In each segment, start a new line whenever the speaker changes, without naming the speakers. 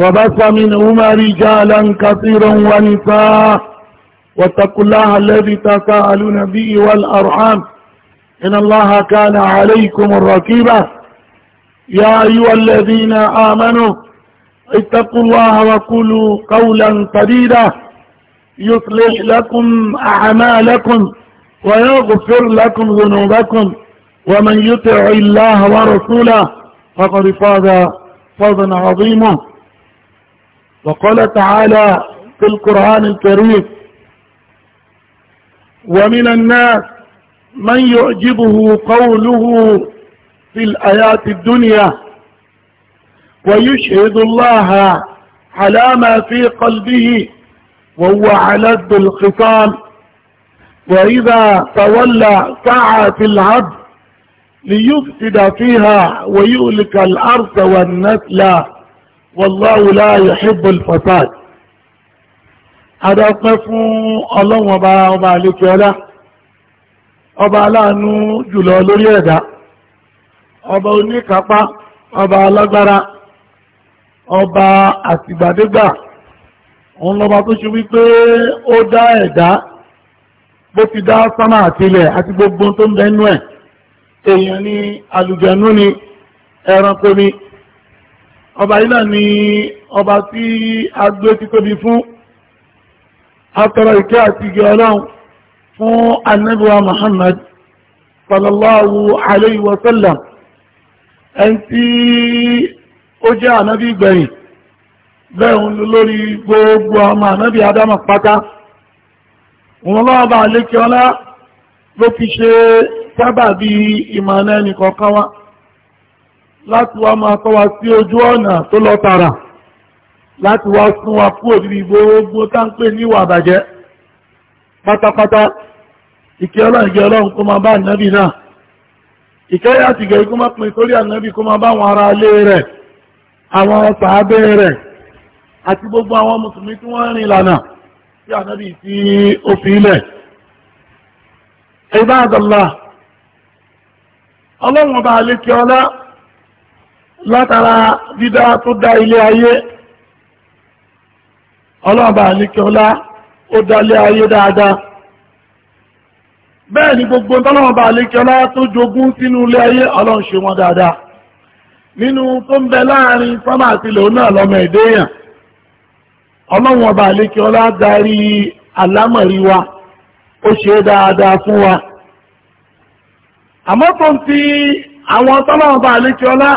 وبث منهما رجالا كثيرا ونساء واتقوا الله الذي تساءلون به والأرحام إن الله كان عليكم الركيبة يا أيها الذين آمنوا اتقوا الله وقولوا قولا سديدا يصلح لكم أعمالكم ويغفر لكم ذنوبكم ومن يطع الله ورسوله فقد فاز فوزا عظيما وقال تعالى في القرآن الكريم ومن الناس من يعجبه قوله في الآيات الدنيا ويشهد الله على ما في قلبه وهو علد الخصام وإذا تولى سعى في العبد ليفسد فيها ويؤلك الأرض والنسل wallahu la yuhibbul fasad adápẹ́ fún ọlọ́wọ̀n ọba ọba àlékẹ́ ọlá ọba aláàánú jùlọ lórí ẹ̀dá ọba oníkápá ọba alágbára ọba àtìgbàdégbà òun lọba tó ṣe wípé ó dá ẹ̀dá bó ti dá sánmà àtilẹ̀ àti gbogbo tó ń bẹ́nú ẹ̀ èèyàn ni àlùjẹ̀nú ni ẹranko ni ọba yìí náà ni ọba tí a gbé títóbi fún atọ́rọ ìkẹ́ àti ìgẹ́ ọlọ́run fún anábíwá Muhammad sallallahu alayhi wa sallam ẹni tí ó jẹ́ anábí gbẹ̀yìn bẹ́ẹ̀hùn lórí gbogbo ọmọ anábí adama pátá wọn lọ́wọ́ bá lékẹ́ ọlá láti wá máa tọ́ sí ojú ọ̀nà tó lọ tààrà láti wá sún wa kúrò nínú gbogbo táńpé níwà àbàjẹ́ pátápátá ìkẹ́ ọlọ́run ọlọ́run kó máa bá ànábì náà ìkẹ́ láti gẹ̀ẹ́ kó máa pin sórí ànábì kó máa bá àwọn ará ilé rẹ̀ àwọn sàábẹ́ rẹ̀ àti gbogbo àwọn mùsùlùmí tí wọ́n rìn lànà tí ànábì tí ó fi ilẹ̀ ibadallah ọlọ́run ọba àlékẹ́ ọlá látara dídá tó dá ilé ayé ọlọ́ọ̀bà àníkẹ́ọlá ó dá ilé ayé dáadáa bẹ́ẹ̀ ni gbogbo tọ́lọ́ọ̀bà àníkẹ́ọlá tó jogún sínú ilé ayé ọlọ́run ṣe wọn dáadáa nínú tó ń bẹ láàrin sọ́mà àti ilẹ̀ náà lọ́mọ ìdéyàn ọlọ́run ọba àníkẹ́ọlá darí àlámọ̀rí wa ó ṣe dáadáa fún wa àmọ́ tó ń ti àwọn tọ́lọ́ọ̀bà àníkẹ́ọlá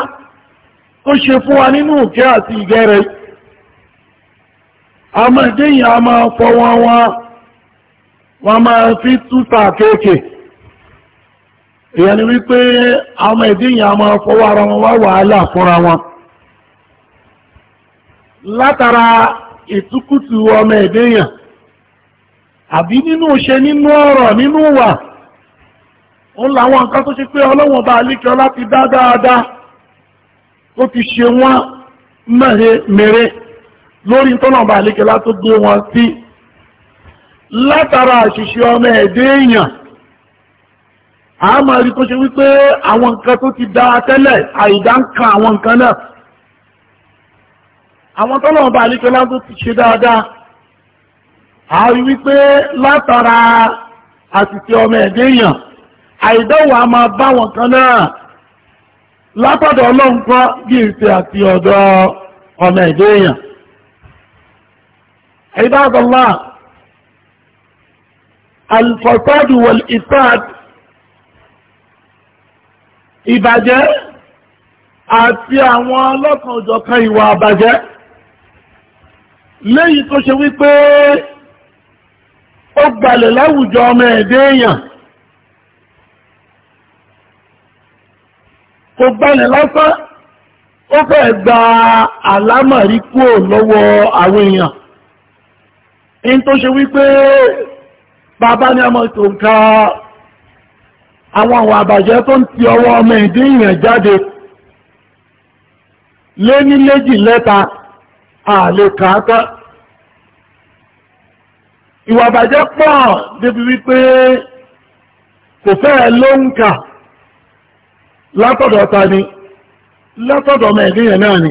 tó ṣe fún wa nínú òkè àti ìgẹ́rẹ̀ a máa déyìn a máa fọ́ wọn wọn, wọn máa fi túta kéèkè èyàn ni wípé àwọn ìdíyìn a máa fọwọ́ ara wọn wá wàhálà fúnra wọn látara ìtúkùtù ọmọ ìdíyàn àbí nínú ṣe nínú ọ̀rọ̀ nínú wà ó láwọn nǹkan tó ṣe pé ọlọ́wọ̀n bá ọlá ti dá dáadáa tó fi ṣe wọ́n mẹ́rẹ́ lórí tọ́nàbà àlékẹ́lá tó gbé wọn sí látara àṣìṣe ọmọ ẹ̀dẹ́ èèyàn a máa rí tó ṣe wípé àwọn nǹkan tó ti dáa tẹ́lẹ̀ àìdá ń kan àwọn nǹkan náà àwọn tọ́lọ̀ọ̀bà àlékẹ́lá tó ti ṣe dáadáa a rí wípé látara àṣìṣe ọmọ ẹ̀dẹ́ èèyàn àìdáwà máa bá wọn kan náà látọ̀dọ̀ ọlọ́nkọ́ gíìsì àti ọ̀dọ̀ ọmọ ẹ̀dẹ́ èèyàn ìbádọ́lá alfasadu wal ifsad ìbàjẹ́ àti àwọn ọlọ́kan òjọ̀kan ìwà àbàjẹ́ léyìí tó ṣe wípé ó gbalẹ̀ láwùjọ ọmọ ẹ̀dẹ́ èèyàn kò gbalẹ̀ lásán ó fẹ́ gba àlámọ̀rí kúrò lọ́wọ́ àwọn èèyàn in tó ṣe wípé bàbá ní ọmọ tó ń ka àwọn àwọn àbàjẹ́ tó ń ti ọwọ́ ọmọ ìdí ìyàn jáde lé ní léjì lẹ́ta àlè kàátá ìwà àbàjẹ́ pọ̀ débi wípé kò fẹ́ lóǹkà látọ̀dọ̀ ta ni látọ̀dọ̀ mẹ́ẹ̀dínyàn náà ni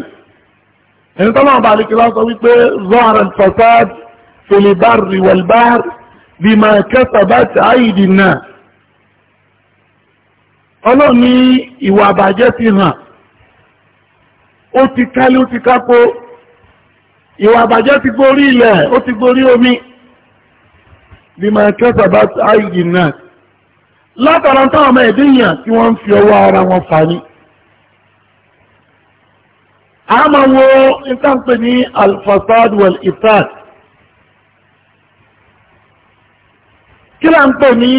ẹni tó máa bá alikí lásọ wípé zoharan fasad filibar riwalbar bima kasabat aidi náà ọlọ́run ní ìwà àbàjẹ́ ti hàn ó ti kálé ó ti kápó ìwà àbàjẹ́ ti gorí ilẹ̀ ó ti gorí omi bima kasabat aidi náà látara táwọn ọmọ ẹ̀dẹ́ èèyàn tí wọ́n ń fi ọwọ́ ara wọn fà ní a ma wo ìtànpé ní alfasad wal ifsad kí là ń pè ní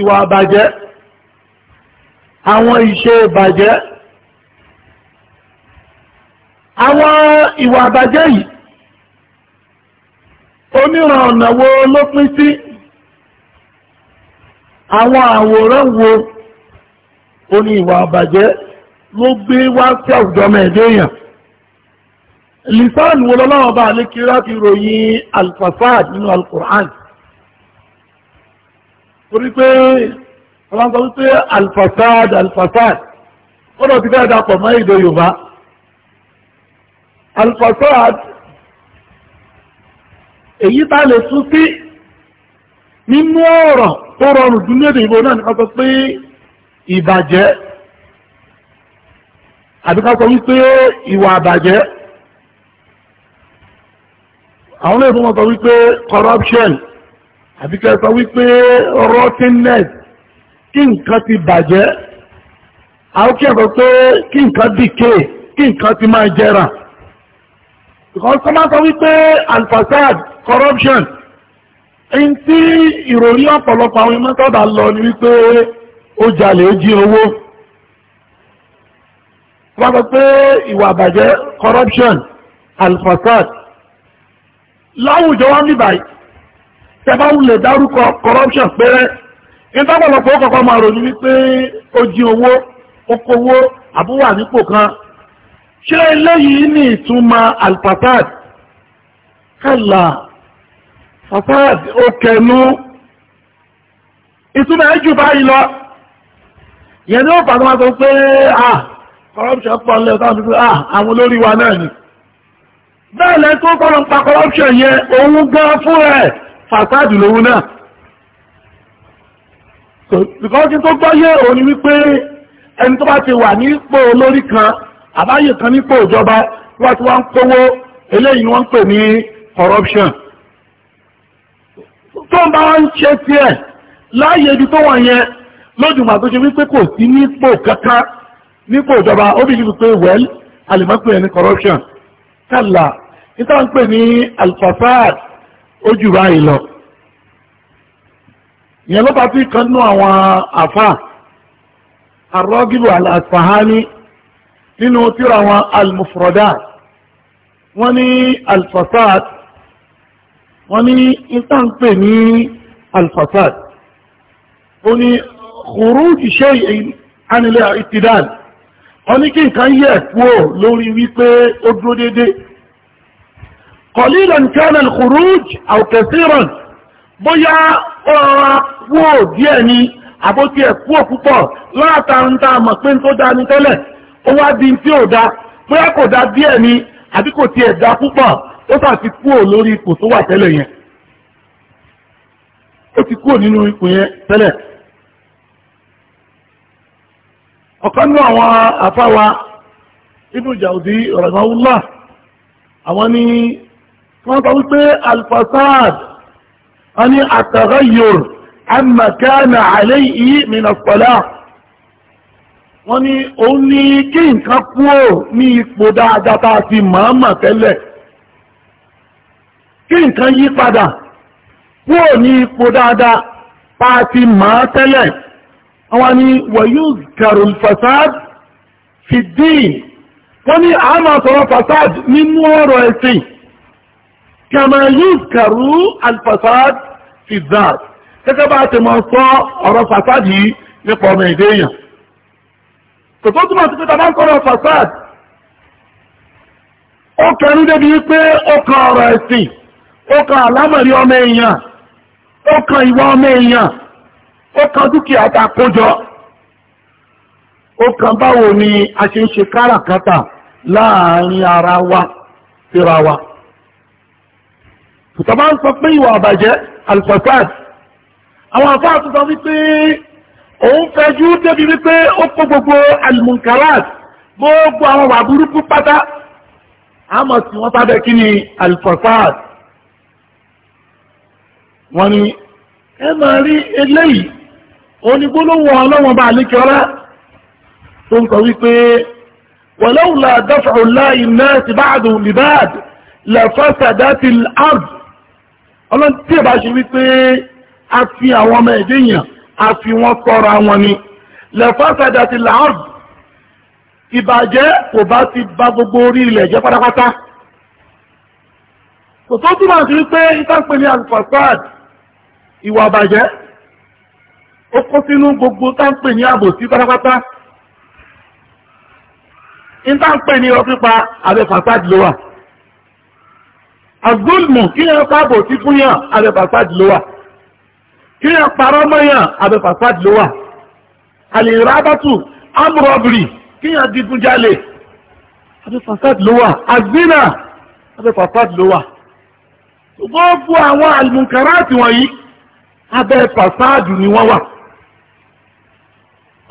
ìwà àbàjẹ́ àwọn ìṣe ìbàjẹ́ àwọn ìwà àbàjẹ́ yìí oníran ọ̀nà wo ló pín sí àwọn àwòrán wo ó ní ìwà àbàjẹ́ ló gbé wá sí àwùjọ mẹ́ẹ̀dẹ́yàn lisan wo lọ́wọ́ bá alékírá ti ròyìn alfasad nínú alkùrán torí pé wọ́n sọ wípé alfasad alfasad ọ̀dọ̀ ti fẹ́ dapọ̀ mọ́ èdè yorùbá alfasad èyí tá lè tún sí nínú ọ̀rọ̀ tó rọrùn jù lédè ìbò náà nìkan sọ pé ìbàjẹ́ àbí ká sọ wípé ìwà àbàjẹ́ àwọn olóòtú wọn sọ wípé corruption àbí ká sọ wípé rottenness kí nǹkan ti bàjẹ́ àwọn kí ẹ̀sọ́ pé kí nǹkan decay kí nǹkan ti máa jẹrà because sọ máa sọ wípé alfasad corruption in tí ìròrí ọ̀pọ̀lọpọ̀ àwọn mẹ́tọ́dà lọ ni wípé ó jalè ó owó wọ́n sọ ìwà àbàjẹ́ corruption alfasad láwùjọ wá ní báyìí tẹbá wulẹ̀ dárúkọ corruption pẹ́rẹ́ ìtọ́pọ̀lọpọ̀ ó kọ̀kọ́ máa ròyìn wípé ó jí owó ó kówó àbúwà nípò kan ṣé eléyìí ní ìtumọ̀ alfasad kálá fasad ó kẹnu ìtumọ̀ ẹ̀jù báyìí lọ yẹn ni ó fàtọ́ wọn sọ pé ah corruption pọ̀ nílẹ̀ ọ̀tá fífi ah àwọn olórí wa náà ni bẹ́ẹ̀ lẹ́ tó kọ́ ń pa corruption yẹn òun gan fún ẹ̀ fasad lòun náà bìkọ́sí tó gbọ́yé òun ni wípé ẹni tó bá ti wà nípò olórí kan àbáyé kan nípò ìjọba wọ́n ti wá ń kówó eléyìí wọ́n ń pè ní corruption tó ń bá wá ń ṣe tí ẹ̀ láàyè ibi tó wọ̀n yẹn lójúmọ̀ tó ṣe wípé kò sí nípò kankan nípò ìjọba ó bí wípé well alimọ́pẹ́ ẹni corruption kàlà níta ń pè ní alfasad ojú báyìí lọ ìyẹn ló bá tí kan nú àwọn àfà arọ́gìbò al nínú tíra àwọn al wọ́n ní alfasad wọ́n ní ìtànpè ní alfasad ó ní khuruji shay'in anil i'tidal wọ́n ní kí nǹkan yẹ̀ kúrò lórí wípé ó dúró dédé qalilan kana al-khuruj aw kathiran bóyá ọ̀rọ̀ kúrò díẹ̀ ni àbótí ẹ̀ kúrò púpọ̀ látàntà mọ̀ pé tó dá ní tẹ́lẹ̀ ó wá di tí ò dá púpọ̀ ó sà ti kúrò lórí ipò tó wà tẹ́lẹ̀ yẹn ó ti kúrò nínú ipò yẹn tẹ́lẹ̀ ọ̀kan ní àwọn àfáwa inú Jawzi rahimahullah àwọn ní wọ́n sọ wípé alfasad wọ́n ní at-taghayyur amma kana alayhi min wọ́n ní òun ní kí nǹkan kúrò ní ipò dáadáa tá a ti mọ̀ọ́mọ̀ tẹ́lẹ̀ kí nǹkan yí padà kúrò ní ipò dáadáa pàtí màá tẹ́lẹ̀ àwọn ni wọ̀yú kẹrùn fasad fi dín wọ́n ní a máa sọ̀rọ̀ fasad nínú ọ̀rọ̀ ẹ̀sìn kẹmà yú kẹrù alfasad fi zad gẹ́gẹ́ bá ti máa sọ ọ̀rọ̀ fasad yìí nípa ọmọ èdè èèyàn kò tó túnmọ̀ sí ó kẹrù débi pé ó kọ ọ̀rọ̀ ẹ̀sìn ó kan àlámọ̀rí ọmọ èèyàn ó kan ìwà ọmọ èèyàn ó kan dúkìá tá a kó báwo ni a ṣe ń ṣe káràkátà láàárín ara wa síra wa tùtàbá ń sọ pé ìwà àbàjẹ́ alfasad àwọn àfáà tó sọ wípé òun fẹjú débi wípé ó kó gbogbo almunkarat gbogbo àwọn wà burúkú pátá àmọ́ sí wọ́n sábẹ́ kí ni alfasad wọ́n ní ẹ máa rí eléyìí onígbólówó ọlọ́wọ́n bá àlékẹ́ ọlá tó ń kọ wípé wọ̀lọ́wùlà dáfàù láì náà ti bá àdùn nìbáàd lẹ́fọ́sàdá ti àrùn ọlọ́n tí ìbá ṣe wípé a fi àwọn ọmọ ẹ̀dẹ́ èèyàn a fi wọ́n tọrọ àwọn ni lẹ́fọ́sàdá ti àrùn ìbàjẹ́ kò bá ti ba gbogbo orí ilẹ̀ jẹ́ pátápátá kò tó túmọ̀ sí wípé ìtàpẹ́ ní alfasad ìwà ọ̀bàjẹ́ ó kó sínú gbogbo táǹpè ní àbòsí pátápátá ní táǹpè ní ọpípa abẹ́fàsáàdì ló wà àgbóòlùmù kí yẹn pa àbòsí fún yàn abẹ́fàsáàdì ló wà kí yẹn parọ́ mọ́ yàn abẹ́fàsáàdì ló wà àlèrábàtù kí yẹn digunjalè abẹ́fàsáàdì ló àgbínà abẹ́fàsáàdì gbogbo àwọn àlùmùkàrà àti wọ̀nyí abẹ́ fàsáàdù ni wọ́n wà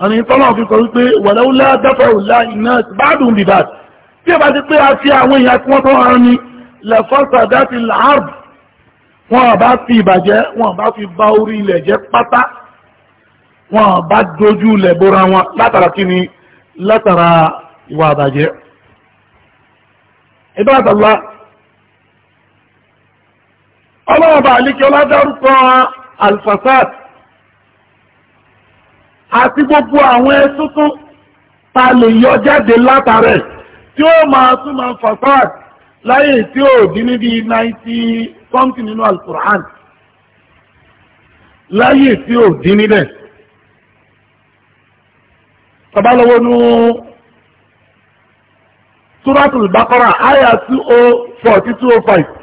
àni tọ́lọ̀ fi sọ wípé wàláúlá dáfàúlá iná bádùn bìbà tí ẹ bá ti pé a fi àwọn èèyàn tí wọ́n tọ́ ara ní lẹ́fọ́sàdá ti láàrù wọ́n bá fi ìbàjẹ́ wọ́n bá fi bá orí ilẹ̀ jẹ́ pátá wọ́n bá dojú ilẹ̀ bóra wọn látara kí ni látara ìwà àbàjẹ́ ìbáàdàlá ọlọ́ọ̀bà àlíkẹ́ ọlá dárúkọ alfasad àti gbogbo àwọn ẹ̀sùn tó ta lè yọ jáde látàrẹ̀ tí ó máa tún máa fasad láyé tí ó dín níbi 90 something nínú alkùrán láyé tí ó dín níbẹ̀ tọ́bálọ́wọ́ ní Suratul Baqara àyà 204 205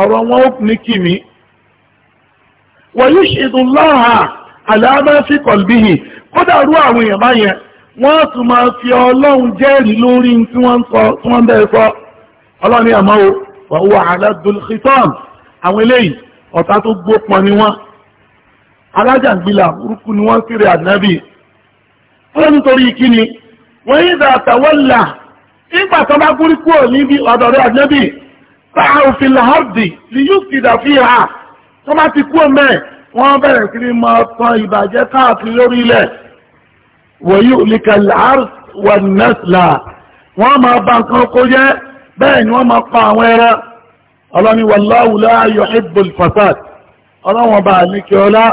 ọ̀rọ̀ wọn ó ní kì mí wọ̀nyí ṣètùláhà àlàámá sí kọ̀lbíhì kódà rú àwọn èèyàn báyẹn wọ́n tún máa fi ọlọ́run jẹ́rìí lórí tí wọ́n ń bẹ́ẹ̀ sọ ọlọ́ni àmọ́ o wàhùwà àládùlùkítọ́m àwọn eléyìí ọ̀tá tó gbópọn ni wọ́n alájàngbìlà burúkú ni wọ́n kéré ànábì fún nítorí kíni wọ́n yí ìdàtàwọ́là nígbà tó bá gúrí kúrò níbi ọ̀dọ̀rẹ́ ànábì báwo fi làárọ̀dì ni yóò ti dà fi hà tó bá ti kú ọmọ ẹ̀ wọ́n bẹ̀rẹ̀ sí ni máa tan ìbàjẹ́ káàkiri lórí ilẹ̀ wọ̀nyí òlìkà làárọ̀ wà nẹ́sìlà wọ́n máa ba nǹkan kó jẹ́ bẹ́ẹ̀ ni wọ́n máa pa àwọn ẹran ọlọ́ni wallahu la yuhibbul fasad ọlọ́wọ́n bá ní kí ọlá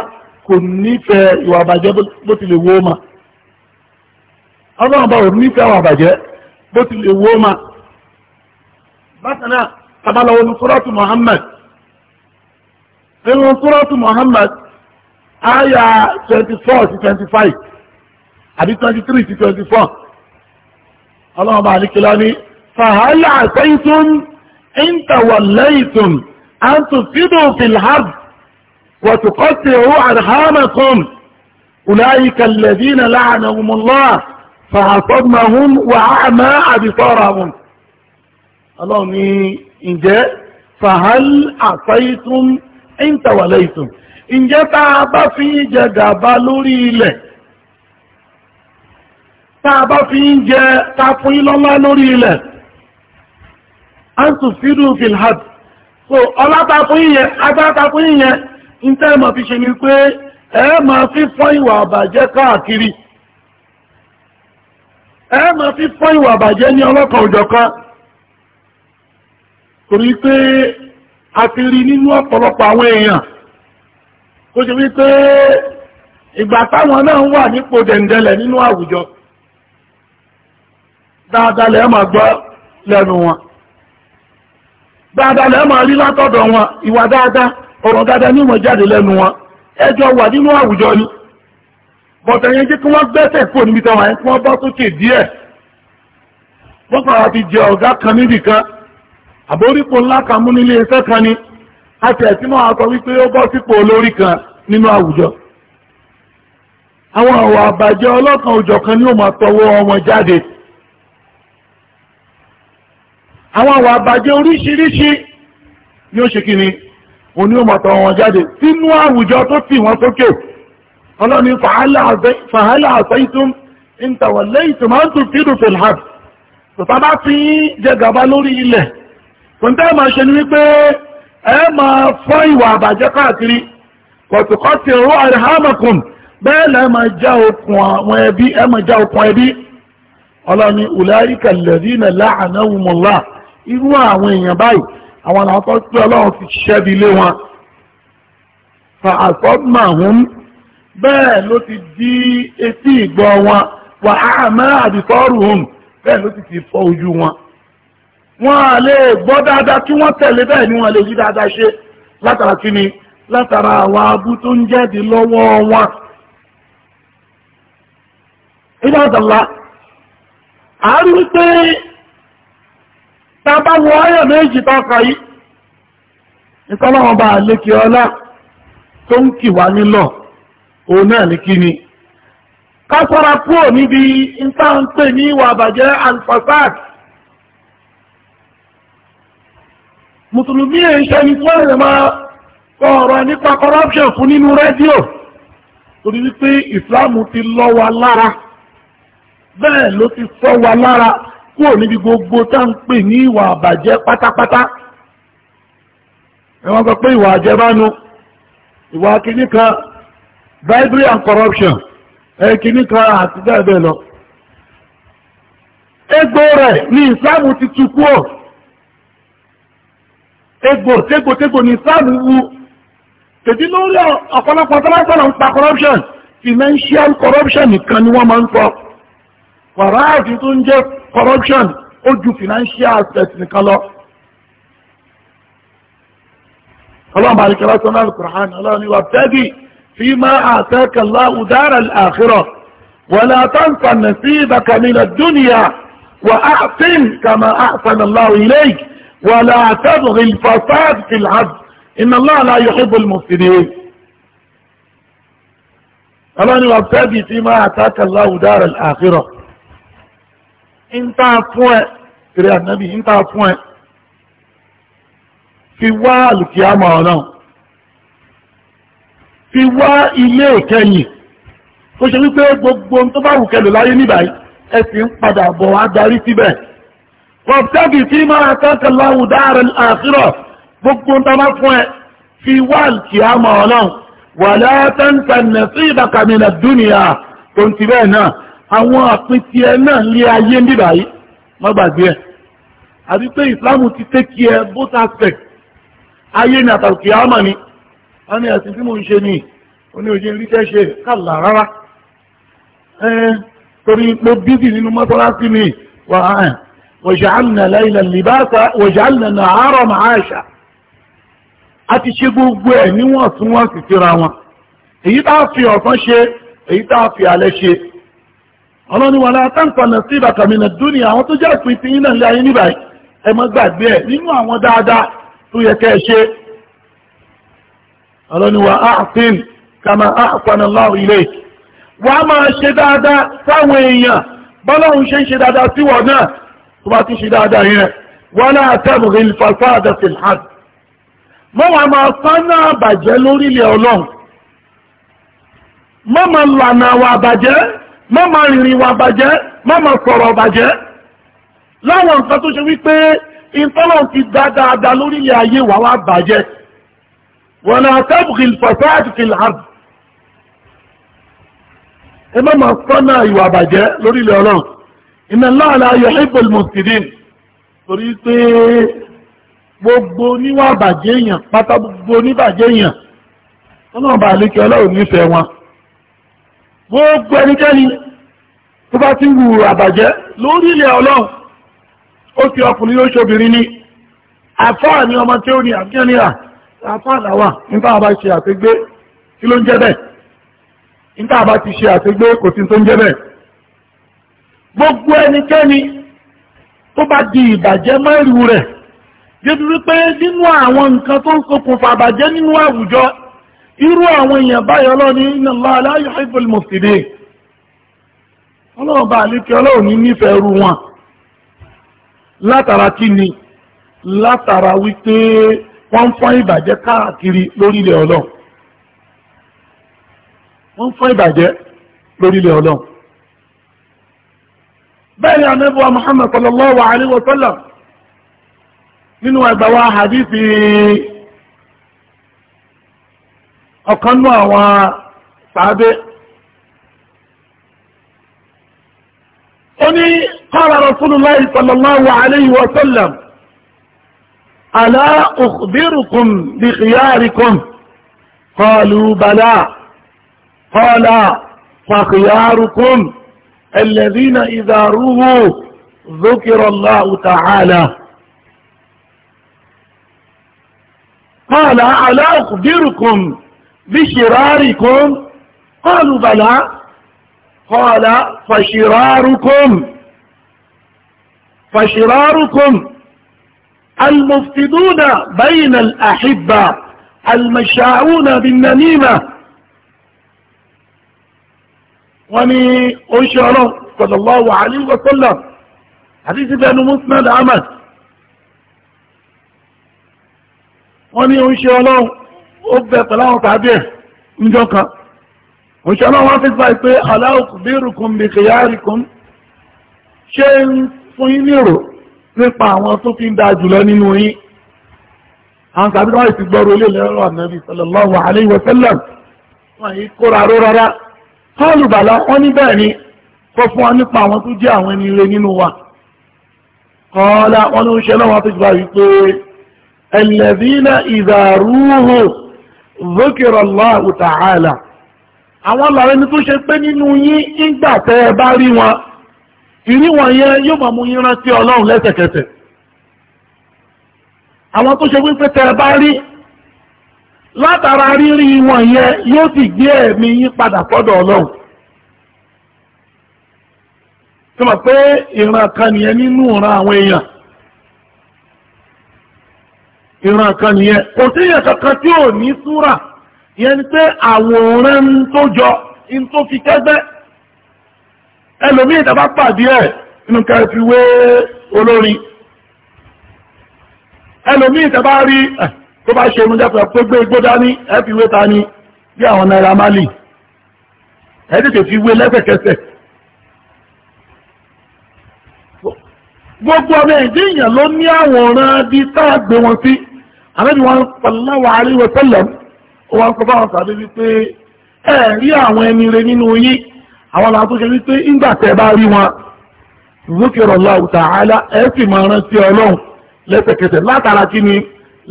kò nífẹ̀ẹ́ ìwà bàjẹ́ bó ti lè wó ma ọlọ́wọ́n bá ò nífẹ̀ẹ́ ìwà bàjẹ́ bó ti lè wó ma bákanáà tabalọ́wọ́ ní suratu Muhammad nínú suratu Muhammad àyà 24 sí 25 àbí 23 sí 24 ọlọ́run bá àníkìlá ní fàhálà àṣẹ́yìntún ìntàwọ̀lẹ́yìntún an tusidu fil hard wa tuqatti'u arhamakum ulaika alladhina la'anahumullah fàhàtọ́gbọ̀n wa a'ma àbìsọ́ra wọn ọlọ́run ní ǹjẹ́ fahal àtàìtún ìntàwàlẹ̀ ìtùn ǹjẹ́ tá a bá fi ń jẹ gàba lórí ilẹ̀ tá a bá fi ń jẹ ta fún ilọ́lá lórí ilẹ̀ ansu fidu filhad so ọláta fún ìyẹn agbáta fún ìyẹn ń tẹ́ ma fi ṣe ni pé ẹ ma fi fọ́n ìwà àbàjẹ́ káàkiri ẹ ma fi fọ́n ìwà àbàjẹ́ ní ọlọ́kan òjọ̀kan torí pé a ti rí nínú ọ̀pọ̀lọpọ̀ àwọn èèyàn kó ṣe wípé ìgbà táwọn náà wà nípò dẹ̀ndẹ̀lẹ̀ nínú àwùjọ dáadáa lẹ́ẹ̀ máa gbọ́ lẹ́nu wọn dáadáa lẹ́ẹ̀ máa rí látọ̀dọ̀ wọn ìwà dáadáa ọ̀rọ̀ dáadáa ní jáde lẹ́nu wọn ẹjọ́ wà nínú àwùjọ ni bọ̀tẹ̀ yẹn jẹ́ kí wọ́n gbẹ́sẹ̀ kó níbi tọ́wọ́ yẹn kí wọ́n bọ́ sókè díẹ̀ wọ́n kàn ti jẹ ọ̀gá kan níbì àbórípò ńlá kan mú nílé iṣẹ́ kan ni a tẹ̀ sínú àkọ wípé ó bọ́ sípò olórí kan nínú àwùjọ àwọn ọ̀wọ̀ àbàjẹ́ ọlọ́kan òjọ̀kan ni ó máa tọwọ́ wọn jáde àwọn ọ̀wọ̀ àbàjẹ́ oríṣiríṣi ni ó ṣe kí ni ó ní ó máa tọwọ́ wọn jáde sínú àwùjọ tó fi wọn sókè ọlọ́ni fàhálà àṣẹ́ìtún ìntàwọ̀lẹ́ ìtùmọ̀ tó fi dùn fìlhàn tó sábà fi jẹ gàba lórí ilẹ̀ tòǹtẹ́ ma ṣe ni wípé ẹ máa fọ́ ìwà àbàjẹ́ káàkiri kọ̀tùkọ́tì rú àríhámẹ́kùn bẹ́ẹ̀ lẹ́ máa já okùn àwọn ẹbí ẹ máa já okùn ẹbí ọlọ́ni ulaika alladhina la'anahumullah irú àwọn èèyàn báyìí àwọn àwọn tó tí ọlọ́run ti ṣẹ́bi lé wọn fa asabnahum bẹ́ẹ̀ ló ti di etí ìgbọ́ wọn wà á mẹ́ àbìsọ́rù hùn bẹ́ẹ̀ ló ti ti fọ́ ojú wọn wọn à lè gbọ́ dáadáa tí wọ́n tẹ̀lé bẹ́ẹ̀ ni wọ́n lè rí dáadáa ṣe látara kí ni látara àwọn abú tó ń jẹ́dì lọ́wọ́ wọn ilé ọ̀dọ̀lá a rí wípé tàbá wọ ayọ̀ méjì tọ́kọ yìí ìtọ́lọ́wọ́n bá lékè ọlá tó ń kì wá nílọ̀ òun náà ní kí ni ká sọ́ra kúrò níbi ìtàǹpẹ̀ ní ìwà àbàjẹ́ alfasad mùsùlùmí èṣẹ́ ni tó rẹ̀ máa kọ nípa corruption fún nínú rédíò torí wípé ìsìláàmù ti lọ́ wa lára bẹ́ẹ̀ ló ti fọ́ wa lára kúrò níbi gbogbo tá ń pè ní ìwà àbàjẹ́ pátápátá ẹ̀wọ́n sọ pé ìwà àjẹbánu ìwà kìíní kan and corruption ẹ̀ kìíní kan àti lọ. egbò rẹ̀ ni ìsìláàmù ti egbò tégbò tégbò ní sáàmù wu tètè lórí ọ̀pọ̀lọpọ̀ tọ́lásọ̀rọ̀ ń pa corruption financial corruption nìkan ni wọ́n máa ń sọ variety tó ń jẹ́ corruption ó ju financial aspect nìkan lọ ọlọ́run bá nìkan lọ́sọ̀ náà kùrán ọlọ́run wà tẹ́gì fi máa àtẹ́kẹ̀ láwù dára àkírọ̀ wọ̀lá àtàǹfà nà sí ìbàkàmì nà dúnìyà wà á fíìn kàmà àfànà láwù ilé yìí ولا تبغي الفساد في العبد إن الله لا يحب المفسدين ọlọ́ni wà bẹ́bí tí máa àtàkà láwùdára àkírọ̀ ń ta fún ẹ kiri ànábì ń ta fún ẹ fi wá alùkìyàmà ọlọ́run fi wá ilé ìkẹyìn tó ṣe wípé gbogbo tó bá wùkẹlù láyé níbàáyí ẹ sì ń padà bọ̀ wá darí síbẹ̀ wọ́pẹ́gì tí máa kẹ́kẹ́ lọ́wọ́ dáàrẹ̀ àṣírọ̀ gbogbo ń tọ́mọ́ fún ẹ fi wá kí á mọ̀ ọlọ́run wà látẹ́ǹtẹ̀ nẹ̀ sí ìbàkàmìnà dúnìyà tó ń ti bẹ́ẹ̀ náà àwọn àpín ti ẹ náà lé ayé ń bíbà yìí má gbàgbé ẹ àti pé ìsìláàmù ti tẹ́ kí ẹ both aspect ayé ní àtàkì á mọ̀ ni wọ́n ní ẹ̀sìn tí mò ń ṣe ni oní òjì rí tẹ́ ṣe kàlà rárá torí mo bíbì nínú mọ́sálásí ni wà á hàn wàjàálìnà láìlà lìbáta wàjàálìnà nàárọ̀ màáṣà a ti ṣe gbogbo ẹ̀ níwọ̀n tún wọ́n sì síra wọn èyí tá fi ọ̀sán ṣe èyí tá fi alẹ́ ṣe ọlọ́niwà látàǹkà nà sí ìbàkàmìnà dúnì àwọn tó jẹ́ ìpín ti yín náà lé ayé níbàáyí ẹ má gbàgbé ẹ̀ nínú àwọn dáadáa tó yẹ kẹ́ ẹ ṣe ọlọ́niwà áàfin kama máa ṣe tó bá ti ṣe dáadáa yẹn wala tabghi al-fasada fil ard mọ́ wàá máa sáná àbàjẹ́ lórílẹ̀ ọlọ́run mọ́ máa lànà àwà àbàjẹ́ mọ́ máa rìnrìn wà àbàjẹ́ mọ́ máa sọ̀rọ̀ àbàjẹ́ láwọn nǹkan tó ṣe wípé ìtọ́lọ̀ ti dá dáadáa lórílẹ̀ ayé wà wá bàjẹ́ wala tabghi al-fasada fil ard ẹ má máa sọ́nà ìwà àbàjẹ́ lórílẹ̀ ọlọ́run Inna Allaha la yuhibbul mufsidin torí pé gbogbo oníwà bàjẹ́ èèyàn pátá gbogbo oníbàjẹ́ èèyàn ọlọ́run bá lékẹ́ ọlọ́run nífẹ̀ẹ́ wọn gbogbo ẹnikẹ́ni tó bá ti wù àbàjẹ́ lórí ilẹ̀ ọlọ́run ó fi ọkùnrin ló ṣobìnrin ní àfáà ní ọmọ tí ó ní àbíyànníà àfáà làwà nígbà àbá ṣe àtẹgbé kí ló ń jẹ́ bẹ́ẹ̀ nígbà àbá ti ṣe àtẹgbé kò sí tó ń jẹ́ bẹ́ẹ̀ gbogbo ẹnikẹ́ni tó bá di ìbàjẹ́ mẹ́rù rẹ̀ débi wípé nínú àwọn nǹkan tó ń ṣokùnfà àbàjẹ́ nínú àwùjọ irú àwọn èèyàn báyọ̀ lọ ní inna Allaha la yuhibbul mufsidin ọlọ́run bá àlékẹ́ ọlọ́run ní nífẹ̀ẹ́ ru wọn látara kí ni látara wípé wọ́n ń fọ́n ìbàjẹ́ káàkiri lórílẹ̀ ọlọ́run wọ́n ń fọ́n ìbàjẹ́ lórílẹ̀ ọlọ́run بل يا نبوة محمد صلى الله عليه وسلم من وضواء حديثي أقنوا وصعبه أني قال رسول الله صلى الله عليه وسلم ألا أخبركم بخياركم قالوا بلى قال فخياركم الذين إذا رووا ذكر الله تعالى قال ألا أخبركم بشراركم قالوا بلى قال فشراركم فشراركم المفسدون بين الأحبة المشاعون بالنميمة wọ́n ní oúnṣẹ́ ọlọ́run sallallahu alaihi wa sallam àti ti bẹnu musnad ahmad wọ́n ní oúnṣẹ́ ọlọ́run ó bẹ pẹ̀láwọn tàbí ẹ̀ níjọ́ kan oúnṣẹ́ ọlọ́run wọ́n fi sáì pé ala ukhbirukum bi ṣe ń fún fi ń da jùlọ nínú yín àwọn kọ́ọ̀lù bàlá wọ́n ní bẹ́ẹ̀ ni kó fún wa nípa àwọn tó jẹ́ àwọn ẹni ire nínú wa kọ́ọ̀lá wọ́n ló ń ṣe lọ́wọ́ tó jùlọ wípé ẹlẹ́dínà ìdàrúhù zókèrọ̀láhù tààlà àwọn làwọn ẹni tó ṣe pé bá rí wọn ìrí wọn yẹn látara rírí wọn yẹn yóò sì gbé ẹ̀mí yín padà fọ́dọ̀ ọlọ́run tí wọ́n pé ìran kan nínú ìran àwọn èèyàn ìran kan nìyẹn kò sí èèyàn kankan tí ò ní súrà yẹn ni pé àwòrán tó jọ in tó fi kẹ́gbẹ́ ẹlòmí ìdàbá pàdé ẹ̀ inú ká fi wé olórin ẹlòmí ìdàbá rí ẹ. tó bá ṣe mújẹ́fẹ́ pé gbé igbó dání ẹ́fì ta ni bí àwọn náírà mali. ẹ́dìkẹ̀ fi wé lẹ́sẹ̀kẹsẹ̀ gbogbo ọmọ ẹ̀dẹ́ èèyàn ló ní àwòrán bí táà gbé wọn sí àmẹ́bí wọn pàláwà àríwọ̀ tẹ́lẹ̀ wọn kọ báwọn sàbí wípé ẹ rí àwọn ẹni rẹ nínú yín àwọn làwọn tó ṣe wípé ńgbà tẹ́ bá rí wọn zúkìrọ̀ lọ́wọ́ tààlà ẹ sì máa rántí ọlọ́run lẹ́sẹ̀kẹsẹ̀ látara kí ni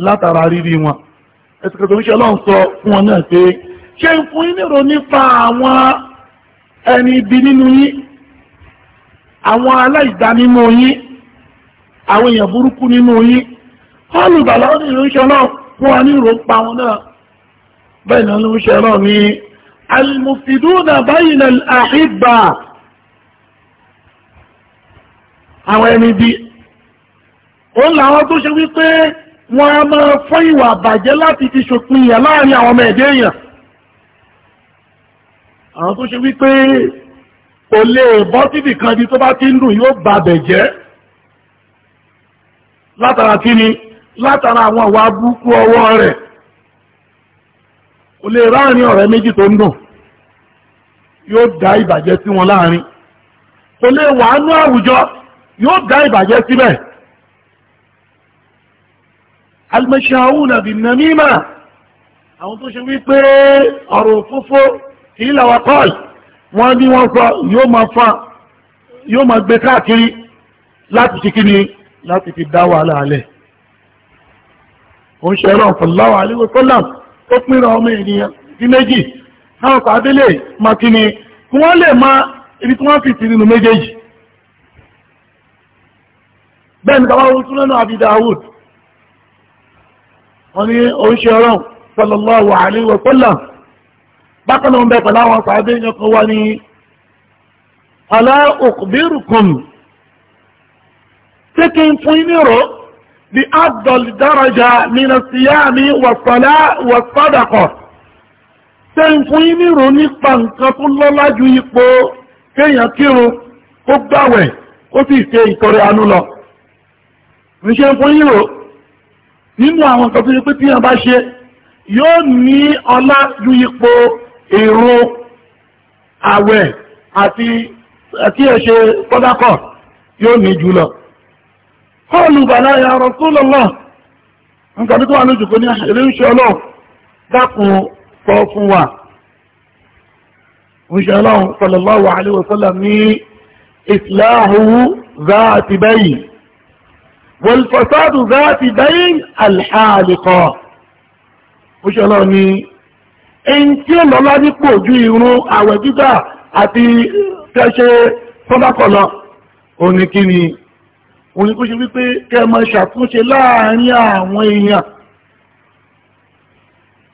látara rírí wọn ẹ̀sìkẹ̀tọ̀ oníṣẹ́ ọlọ́run sọ fún wọn náà pé ṣé ń fún nírò nípa àwọn ẹni ibi nínú yín àwọn aláìdánimọ̀ yín àwọn èèyàn burúkú nínú yín kọ́ọ̀lù ìbàlá ó ní ìrìnṣẹ́ náà fún wa ní ìrò pa wọn náà bẹ́ẹ̀ náà ló ṣe náà ní almufiduna bayna al-ahibba àwọn ẹni bí ó làwọn tó ṣe wípé wọ́n a máa fọ́n ìwà àbàjẹ́ láti fi ṣòpin ìyà láàrin àwọn ọmọ ẹ̀dẹ́ èèyàn àwọn tó ṣe wípé kò lè bọ́ síbì kan di tó bá ti ń dùn yóò bà bẹ̀ jẹ́ látara kí ni látara àwọn àwa burúkú ọwọ́ rẹ̀ kò lè ráàrin ọ̀rẹ́ méjì tó ń dùn yóò dá ìbàjẹ́ sí wọn láàrin kò lè wàánú àwùjọ yóò dá ìbàjẹ́ síbẹ̀ almashahuna bin namima àwọn tó ṣe wípé ọ̀rọ̀ òfófó ìlàwà kọ́ọ̀lù wọ́n ní wọ́n fa yóò máa fa yóò máa gbé káàkiri láti fi kí ni láti fi dá wàhálà alẹ́ òun ṣe rán fọláwà aléwò sọ́làm tó pínra ọmọ ènìyàn sí méjì náà kọ abélé máa kí ni kí wọ́n lè máa ibi tí wọ́n fi sí nínú méjèèjì bẹ́ẹ̀ ni bàbá wọn tún lẹ́nu àbí wọ́n ní oúnjẹ ọlọ́run sallallahu alaihi wa sallam bákan náà ń bẹ pẹ̀lú àwọn sàádé yẹn kan wá ní ala ukhbirukum tí kí n fún yín rò bí afdal daraja min as-siyami was-salati was-sadaqah tí n fún yín rò nípa nǹkan tó lọ́lá ju ipò kéèyàn kírun kó gbàwẹ̀ kó sì ṣe ìtọrẹ àánú lọ. ń fún yín rò nínú àwọn nǹkan tó yẹ pé tí wọ́n bá ṣe yóò ní ọlá ju ipò èrò àwẹ̀ àti àti ẹ̀ṣẹ̀ pọ́dákọ̀ yóò ní jùlọ kọlù bàlá ya Rasulullah nǹkan tó wà ní jùkú ní ilé ń ṣe ọlọ́run dákùn sọ fún wa ń wọlfasádù záti dáyín alhálìkọ́ òṣèlọ́ ni ẹni tí ó lọ́lá nípò ju irun àwẹ̀ gbígbà àti tẹ́ṣe tọ́lákọ̀lọ́ òní kí ni òní kó ṣe wípé kẹmọ ṣàtúnṣe láàárín àwọn èèyàn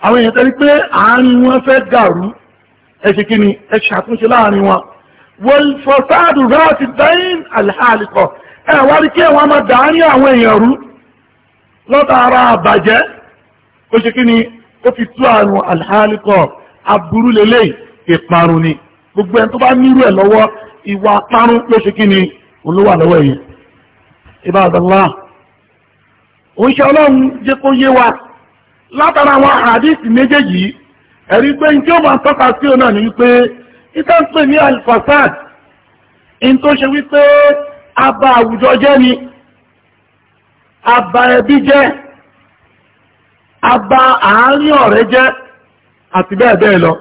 àwọn èèyàn tẹ́rí pé àárín wọn fẹ́ dàrú ẹṣe kí ni wọn wọlfasádù záti dáyín alhálìkọ́ e kí ẹ̀wọ̀n máa dàárí àwọn èèyàn rú lọ́tàrà àbàjẹ́ ó ṣe kí ni ó fi tú àrùn alhálíkọ̀ aburú lélẹ̀ ìparun ni gbogbo ẹni tó bá nírú ẹ̀ lọ́wọ́ ìwà parun ló ṣe kí ni olówà lọ́wọ́ yìí ìbádàlá òun ṣe ọlọ́run jẹ́ kó yé wa látara àwọn àdísì méjèèjì ẹ̀rí pé ní tí ó máa tọ́ka sí ọ náà ni wípé ìtàn pè ní alifasad in tó ṣe wípé abà àwùjọ jẹ́ ni abà ẹbí jẹ́ abà àárín ọ̀rẹ́ jẹ́ àti bẹ́ẹ̀ bẹ́ẹ̀ lọ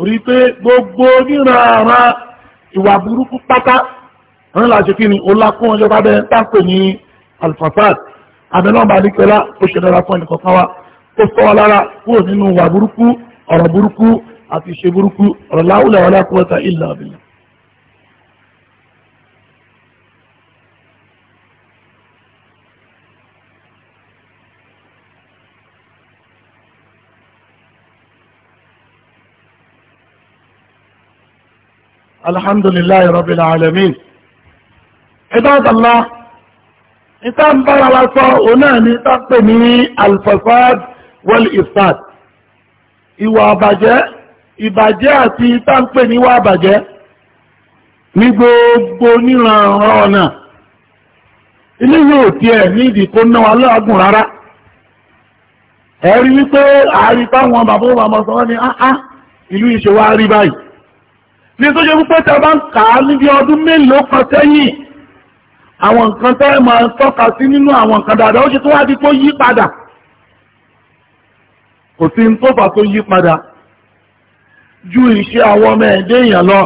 orí pé gbogbo níranran ìwà burúkú pátá wọ́n láti kí ni ó lákún ọjọ́ bábẹ́ tápò ní alfasad abẹ́nàmbà nípẹ́lá ó ṣe dára fún ẹnìkọ̀kan wa ó sọ wa lára kúrò nínú ìwà burúkú ọ̀rọ̀ burúkú àti ìṣe burúkú ọ̀rọ̀ láwùlẹ̀ wala quwwata illa billah alhamdulillahi rabbil alamin ibadallah ìta ń bára wa sọ òun náà ni ta pè ní alfasad wal ifsad ìwà àbàjẹ́ ìbàjẹ́ àti ta ń pè ní wà àbàjẹ́ ní gbogbo níranran ọ̀nà ilé yóò tiẹ̀ ní ìdìkó náà aláàgùn rárá ẹ̀rí wípé àárí táwọn bàbá bàbá sọ wọ́n ni áá ah, ah, ìlú ìṣèwà rí báyìí ní tó ṣe púpẹ́ tẹ́ bá ń kà á níbi ọdún mélòó kan sẹ́yìn àwọn nǹkan tẹ́ máa ń tọ́ka sí nínú àwọn nǹkan dáadáa ó ṣe tó wá di tó yí padà kò sí ń tó fà tó yí padà ju ìṣẹ́ àwọn ọmọ ẹ̀dẹ́ èèyàn lọ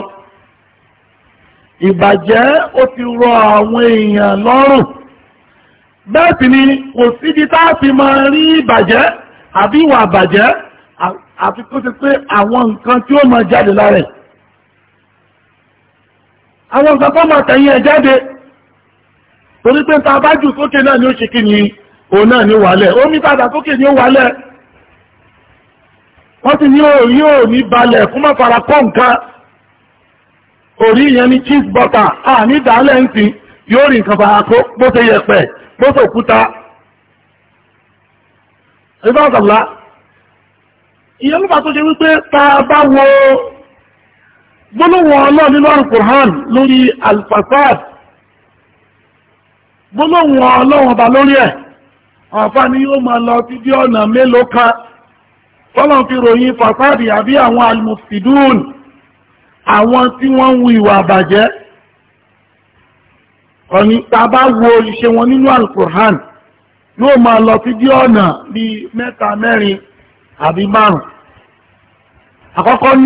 ìbàjẹ́ ó ti rọ àwọn èèyàn lọ́rùn bẹ́ẹ̀ sì ni kò síbi tá máa rí ìbàjẹ́ àbí ìwà àbàjẹ́ àfi kó ti pé àwọn nǹkan tí ó máa jáde lára ẹ̀ àwọn nǹkan kan máa tẹ̀yìn ẹ̀ jáde torí pé ta bá jù sókè náà ni ó ṣe kí ni òun náà ni ó wálẹ̀ omi padà sókè ni ó wálẹ̀ wọ́n ti ní orí ò ní balẹ̀ fún mọ́fara kọ́ nǹkan orí ìyẹn ní cheese butter à ní ìdálẹ̀ ń sìn yóò rí nǹkan fara kó bó ṣe yẹpẹ̀ bó ṣe òkúta ìbáṣọ̀lá ìyẹn ló tó ṣe wípé ta bá wo gbólóhùn ọlọ́run nínú alukur'an lórí alfasad gbólóhùn ọlọ́run ọba lórí ẹ̀ ọ̀fà ni yóò máa lọ sí bí ọ̀nà mélòó kan tọ́lọ̀ fi ròyìn fasad àbí àwọn almufsidun àwọn tí wọ́n ń wu ìwà àbàjẹ́ ọ̀nì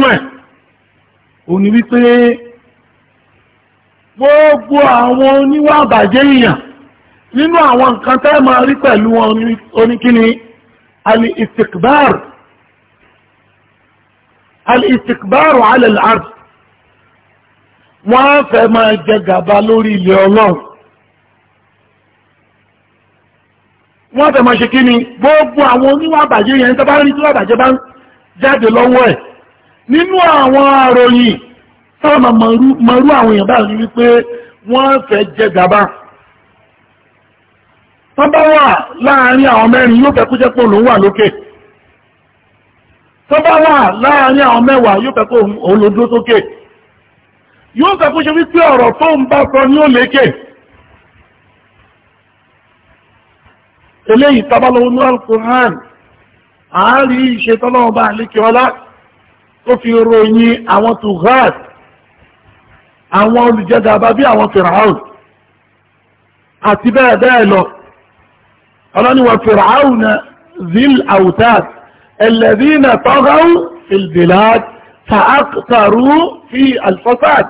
nú ẹ̀ òní wípé gbogbo àwọn oníwà àbàjẹ́ èèyàn nínú àwọn nǹkan tẹ́ máa rí pẹ̀lú wọn oníkíni al-istikbar al-istikbar ala al-ard wọ́n á fẹ́ máa jẹ gàba lórí ilẹ̀ ọlọ́run wọ́n fẹ́ máa ṣe kíni gbogbo àwọn oníwà àbàjẹ́ èèyàn tó bá rí tí wà àbàjẹ́ bá jáde lọ́wọ́ ẹ̀ nínú àwọn àròyìn sáàmà mọ̀rú àwọn èèyàn báyìí wípé wọ́n fẹ́ jẹ gàba tó bá àwọn mẹ́rin yóò fẹ́ jẹ́ pé òun wà lókè tó bá wà àwọn mẹ́wàá yóò fẹ́ kó òun sókè yóò fẹ́ ọ̀rọ̀ tó ń bá eléyìí tábàlọ́wọ́ ní bá ó fi ròyìn àwọn tùgáàt àwọn olùjẹgàba bí àwọn fìràún àti bẹ́ẹ̀ bẹ́ẹ̀ lọ ọlọ́niwọ̀ fìràún zil autat alladhina taghaw fil bilad fa'aktaru fi alfasad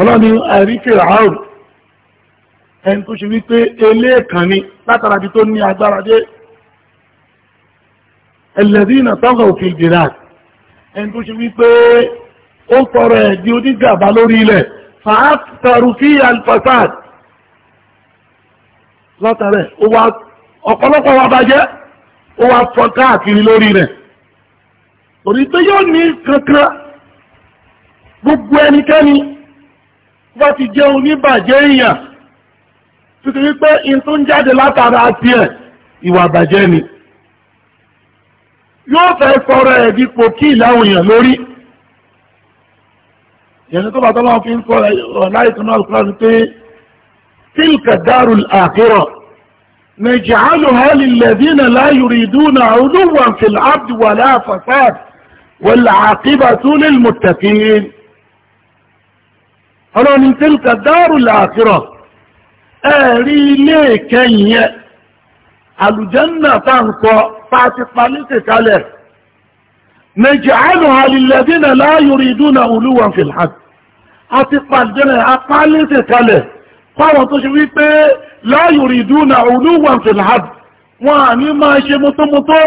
ọlọ́ni àrí fìràún ẹni tó ṣe wípé eléèkàn ni látara bí tó ní agbára dé alladhina taghaw fil bilad ẹni tó ṣe wípé ó tọrọ ẹ̀ di onígàbá lórí ilẹ̀ fa'aktaru fiha al-fasad látàrẹ ọ̀pọ̀lọpọ̀ wa bàjẹ́ ó wá fọ́n káàkiri lórí rẹ̀ torí pé yóò ní kankan gbogbo ẹnikẹ́ni wọ́n ti jẹ́ oníbàjẹ́ èèyàn tuntun wípé in jáde látara tiẹ̀ ìwà bàjẹ́ ni. yóò fẹ́ sọ̀rọ̀ ẹ̀ po kí ìláwọn èèyàn lórí yẹni tó bá tọ́lá fi ń sọ láì tó náà kúrò pé tilka darul akhirah naj'aluha lilladhina la yuriduna 'uluwan fil ardi wala fasad wal 'aqibatu lil ẹ̀rí ilé ìkẹyìn yẹn àlùjánnà tá ń kọ́ bá ti palítì kalẹ̀ naj'aluha lilladhina la yuriduna uluwan fil ard a ti pàdínà apálítì kalẹ̀ fáwọn tó ṣe wípé la yuriduna uluwan fil ard wọn à ní máa ṣe mútúmútú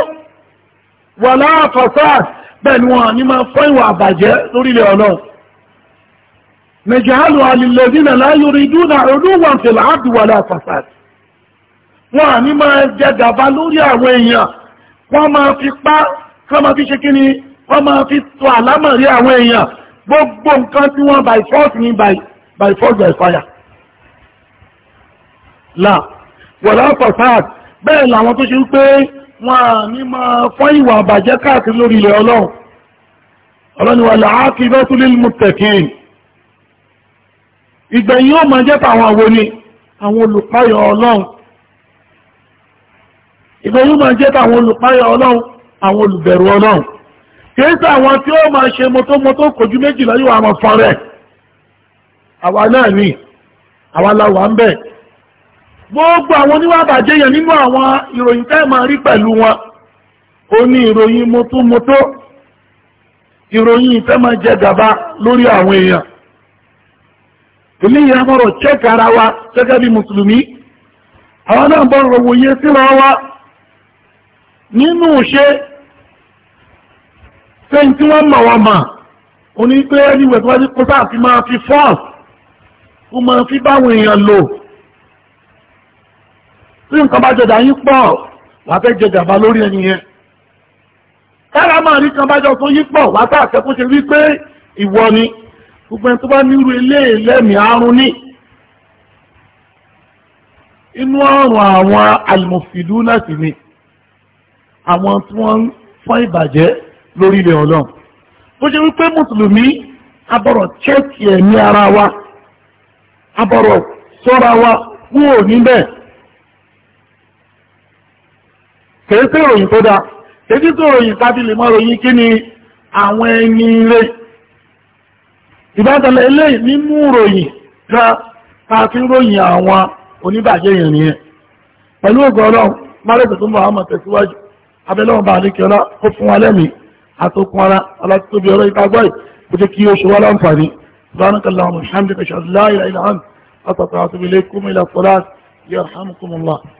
wala fasad bẹ́ẹ̀ni wọn à ní máa fọ́ ìwà àbàjẹ́ lórílẹ̀ ọ̀nà naj'aluha lilladhina la yuriduna uluwan fil ard wala fasad wọn à ní máa jẹ gàba lórí àwọn èèyàn wọ́n máa fi pá kán máa fi ṣe kí ni wọ́n máa fi tọ àlámọ̀rí àwọn èèyàn gbogbo nǹkan tí wọ́n by force ni by force by fire là wọ̀lá fasad bẹ́ẹ̀ làwọn tó ṣe ń pé wọn à ní máa fọ́n ìwà àbàjẹ́ káàkiri lórí ilẹ̀ ọlọ́run ọlọ́ni wà láàákì bẹ́tú lil muttaqin ìgbẹ̀yìn ó máa jẹ́ ìgbẹ́ yóò máa jẹ́ táwọn ọlọ́run àwọn olùbẹ̀rù ọlọ́run kìí sí àwọn tí ó máa ṣe moto kòjú méjìlá yóò àwọn fọ́n àwa náà rí àwa la wà ń bẹ̀ gbogbo àwọn oníwà bàjẹ́ yẹn nínú àwọn ìròyìn tẹ́ máa pẹ̀lú wọn ó ní ìròyìn ìròyìn máa jẹ gàba lórí àwọn èèyàn ìyàmọ̀rọ̀ chẹ́kara wa gẹ́gẹ́ bí mùsùlùmí àwọn náà bọ́ nínú ṣe tẹ́yìn tí wọ́n mọ̀ wọ́n mà ó ní pé ẹni ìwẹ̀ tó wájú kó sáà fi máa fi fọ́ọ̀s ó máa fi báwọn èèyàn lò tí nǹkan bá jọjà yín pọ̀ wà fẹ́ jẹjà bá lórí ẹni yẹn kára máa rí kan bá jọ tó yín pọ̀ wà tá àtẹ́kùn ṣe ìwọ ni gbogbo ẹni tó bá nírú ilé ìlẹ́mìí àrùn ní inú ọ̀rùn àwọn àlùmọ̀fìdú náà sì ni àwọn tí wọ́n ń fọ́n ìbàjẹ́ lórí ilẹ̀ ọlọ́run bó ṣe wípé mùsùlùmí abọ̀rọ̀ chẹ́ẹ̀kì ẹ̀mí ara wa abọ̀rọ̀ sọ́ra wa kúrò níbẹ̀ kèé sí ìròyìn tó dáa kèé sí ìròyìn tàbí lè mọ́ ròyìn kí ni àwọn ẹni ilé ìbátẹ̀lẹ̀ ilé nínú ìròyìn ká àti ròyìn àwọn oníbàjẹ́ yẹn nìyẹn pẹ̀lú ògùn ọlọ́run márùn-ún tó mọ̀ àwọn tẹ̀síwájú abẹ́lẹ́wọ̀n bá àdékẹ́ ọlá ó fún wa lẹ́mí àtòkùn ara alátóbi ọ̀rọ̀ ìtagbọ́ kò jẹ́ kí ó ṣe wá láǹfààní subhanakallahumma wa bihamdika ashhadu an la ilaha illa anta astaghfiruka